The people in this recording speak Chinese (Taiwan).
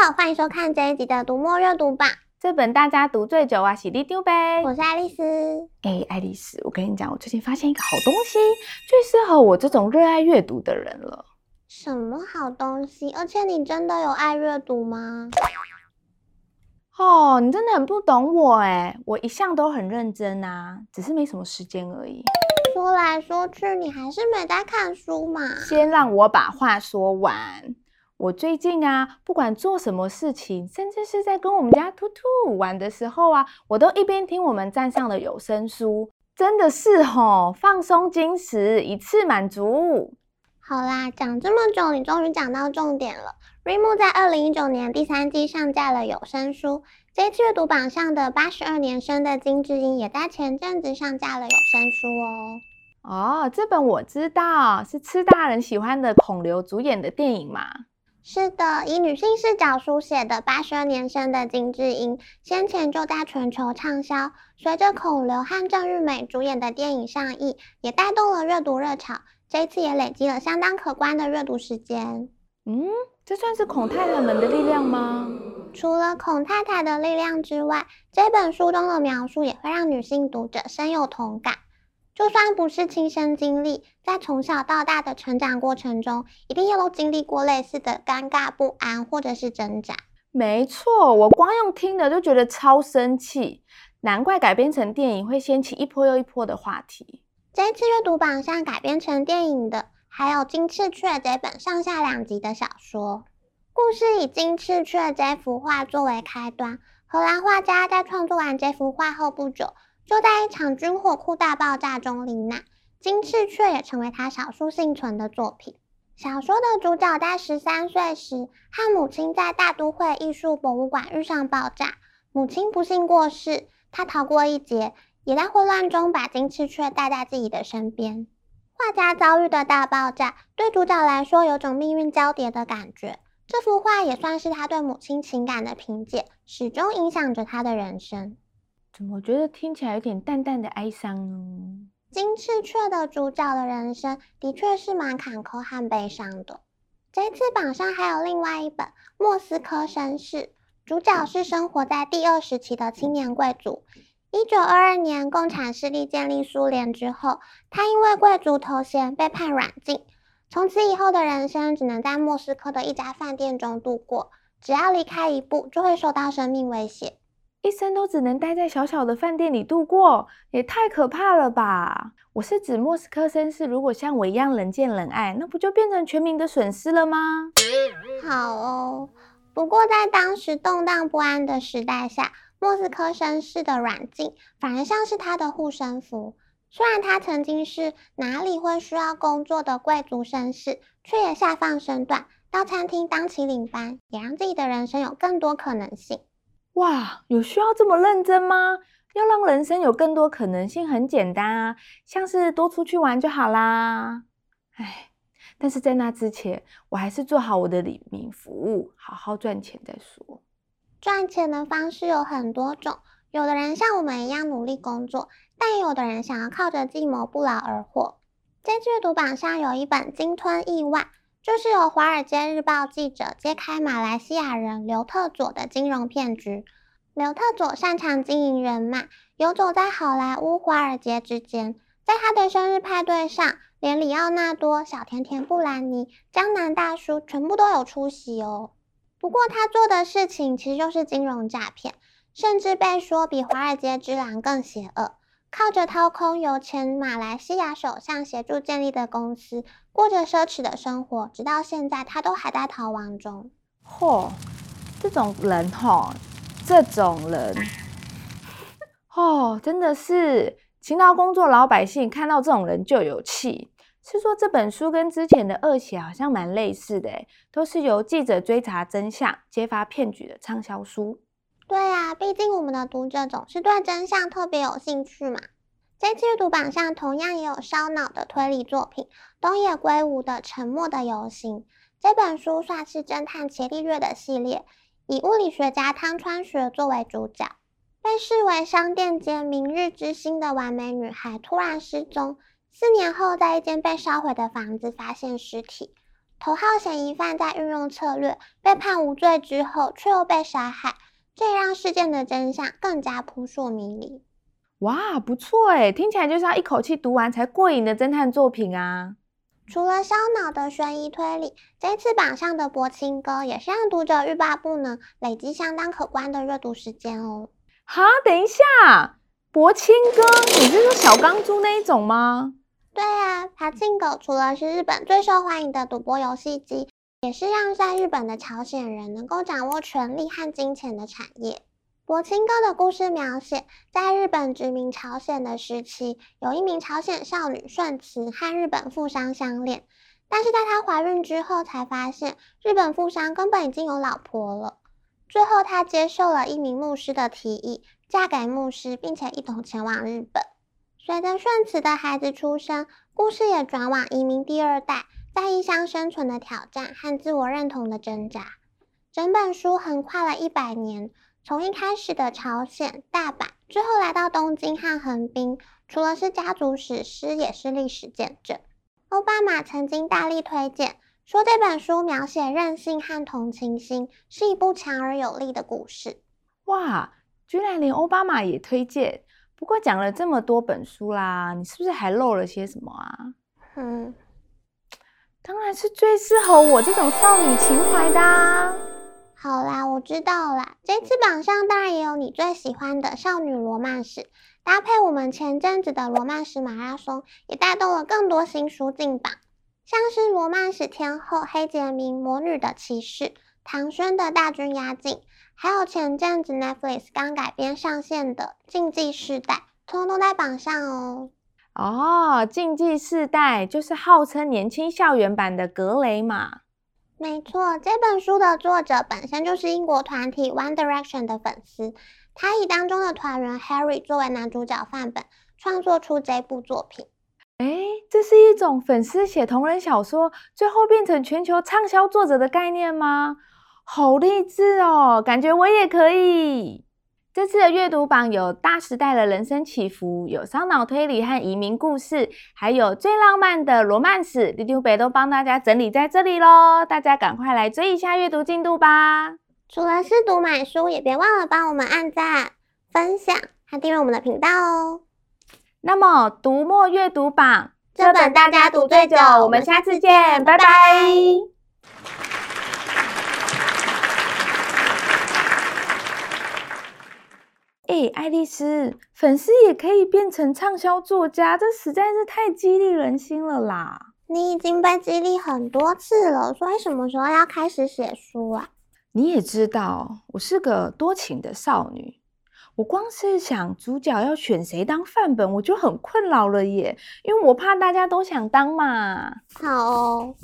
好，歡迎收看這一集的《讀墨閱讀榜》。這本大家讀最久啊，洗力丟唄。我是愛麗絲。哎、欸，愛麗絲，我跟你講，我最近發現一個好東西，最適合我這種熱愛閱讀的人了。什麼好東西？而且你真的有愛閱讀嗎？哦，你真的很不懂我哎、欸！我一向都很認真啊，只是沒什麼時間而已。說來說去，你還是沒在看書嘛？先讓我把話說完。我最近啊，不管做什麼事情，甚至是在跟我們家兔兔玩的時候啊，我都一邊聽我們站上的有聲書，真的是吼，放鬆矜持，一次滿足。好啦，講這麼久，你終於講到重點了。Readmoo 在二零一九年第三季上架了有聲書，這一次閱讀榜上的八十二年生的金智英也在前陣子上架了有聲書哦。哦，這本我知道，是吃大人喜歡的孔劉主演的電影嘛？是的，以女性視角書寫的八十二年生的金智英，先前就在全球暢銷。隨着孔劉和鄭裕美主演的電影上映，也帶動了閱讀熱潮。這次也累積了相當可觀的閱讀時間。嗯，這算是孔太太們的力量嗎？除了孔太太的力量之外，這本書中的描述也會讓女性讀者深有同感。就算不是親身經歷，在從小到大的成長過程中，一定也都經歷過類似的尷尬、不安，或者是掙扎。沒錯，我光用聽的就覺得超生氣，難怪改編成電影會掀起一波又一波的話題。這一次閱讀榜上改編成電影的，還有《金翅雀》這本上下兩集的小說。故事以金翅雀這幅畫作為開端，荷蘭畫家在創作完這幅畫後不久，就在一場軍火庫大爆炸中，罹難，金翅雀也成為他少數幸存的作品。小說的主角在十三歲時，和母親在大都會藝術博物館遇上爆炸，母親不幸過世，他逃過一劫，也在混亂中把金翅雀帶在自己的身邊。畫家遭遇的大爆炸，對主角來說有種命運交疊的感覺。這幅畫也算是他對母親情感的憑借，始終影響着他的人生。怎麼我覺得聽起來有點淡淡的哀傷呢？金翅雀的主角的人生的確是蠻坎坷和悲傷的。這次榜上還有另外一本《莫斯科紳士》，主角是生活在第二時期的青年貴族。一九二二年，共產勢力建立蘇聯之後，他因為貴族頭銜被判軟禁，從此以後的人生只能在莫斯科的一家飯店中度過，只要離開一步，就會受到生命威脅。一生都只能待在小小的飯店裡度過，也太可怕了吧！我是指莫斯科紳士，如果像我一樣人見人愛，那不就變成全民的損失了嗎？好哦，不過在當時動盪不安的時代下，莫斯科紳士的軟禁反而像是他的護身符。雖然他曾經是哪裡會需要工作的貴族紳士，卻也下放身段到餐廳當起領班，也讓自己的人生有更多可能性。哇，有需要這麼認真嗎？要讓人生有更多可能性很簡單啊，像是多出去玩就好啦。哎，但是在那之前，我還是做好我的里民服務，好好賺錢再說。賺錢的方式有很多種，有的人像我們一樣努力工作，但也有的人想要靠着計謀不勞而獲。在閱讀榜上有一本《鯨吞億萬》。就是由《華爾街日報》記者揭開馬來西亞人劉特佐的金融騙局。劉特佐擅長經營人脈，遊走在好萊塢、華爾街之間。在他的生日派對上，連裡奧納多、小甜甜布蘭妮、江南大叔全部都有出席哦。不過，他做的事情其實就是金融詐騙，甚至被說比《華爾街之狼》更邪惡。靠着掏空由前馬來西亞首相協助建立的公司，過着奢侈的生活，直到現在他都還在逃亡中。嚯、哦，這種人哈、哦，這種人，哦，真的是勤勞工作老百姓看到這種人就有氣。是說，這本書跟之前的《惡血》好像蠻類似的，都是由記者追查真相、揭發騙局的暢銷書。對啊，畢竟我們的讀者總是對真相特別有興趣嘛。這次閱讀榜上同樣也有燒腦的推理作品，東野圭吾的《沉默的遊行》這本書算是偵探伽利略的系列，以物理學家湯川學作為主角。被視為商店街明日之星的完美女孩突然失蹤，四年後在一間被燒毀的房子發現屍體。頭號嫌疑犯在運用策略被判無罪之後，卻又被殺害。這讓事件的真相更加撲朔迷離。哇，不錯哎，聽起來就是要一口氣讀完才過癮的偵探作品啊！除了燒腦的懸疑推理，這次榜上的《柏青哥》也是讓讀者欲罷不能，累積相當可觀的熱讀時間哦。哈，等一下，《柏青哥》你是說小鋼珠那一種嗎？對啊，柏青哥除了是日本最受歡迎的賭博遊戲機。也是讓在日本的朝鮮人能夠掌握權力和金錢的產業。柏青哥的故事描寫，在日本殖民朝鮮的時期，有一名朝鮮少女順慈和日本富商相戀，但是在她懷孕之後才發現，日本富商根本已經有老婆了。最後，她接受了一名牧師的提議，嫁給牧師，並且一同前往日本。隨着順慈的孩子出生，故事也轉往移民第二代。在異鄉生存的挑戰和自我認同的掙扎，整本書橫跨了一百年，從一開始的朝鮮、大阪，最後來到東京和橫濱，除了是家族史詩，也是歷史見證。奧巴馬曾經大力推薦，說這本書描寫韌性和同情心，是一部強而有力的故事。哇，居然連奧巴馬也推薦。不過講了這麼多本書啦，你是不是還漏了些什麼啊？嗯。是最適合我這種少女情懷的啊。好啦，我知道啦。這次榜上當然也有你最喜歡的少女羅曼史，搭配我們前陣子的羅曼史馬拉松，也帶動了更多新書進榜，像是《羅曼史天後》、《黑潔明》、《魔女的騎士》、唐軒的大軍壓境，還有前陣子 Netflix 剛改編上線的《禁忌世代》，通通在榜上哦。哦，《禁忌世代》就是號稱年輕校園版的《格雷瑪》。沒錯，這本書的作者本身就是英國團體 One Direction 的粉絲，他以當中的團員 Harry 作為男主角範本，創作出這部作品。誒，這是一種粉絲寫同人小說，最後變成全球暢銷作者的概念嗎？好勵志哦，感覺我也可以。這次的閱讀榜有大時代的人生起伏，有燒腦推理和移民故事，還有最浪漫的羅曼史 l d t t e 北都幫大家整理在這裡嘍，大家趕快來追一下閱讀進度吧！除了試讀買書，也別忘了幫我們按讚、分享和訂閱我們的頻道哦。那麼，讀墨閱讀榜這本大家讀最久，我們下次見，拜拜。欸，愛麗絲，粉絲也可以變成暢銷作家，這實在是太激勵人心了啦！你已經被激勵很多次了，所以什麼時候要開始寫書啊？你也知道，我是個多情的少女，我光是想主角要選誰當範本，我就很困擾了耶，因為我怕大家都想當嘛。好哦。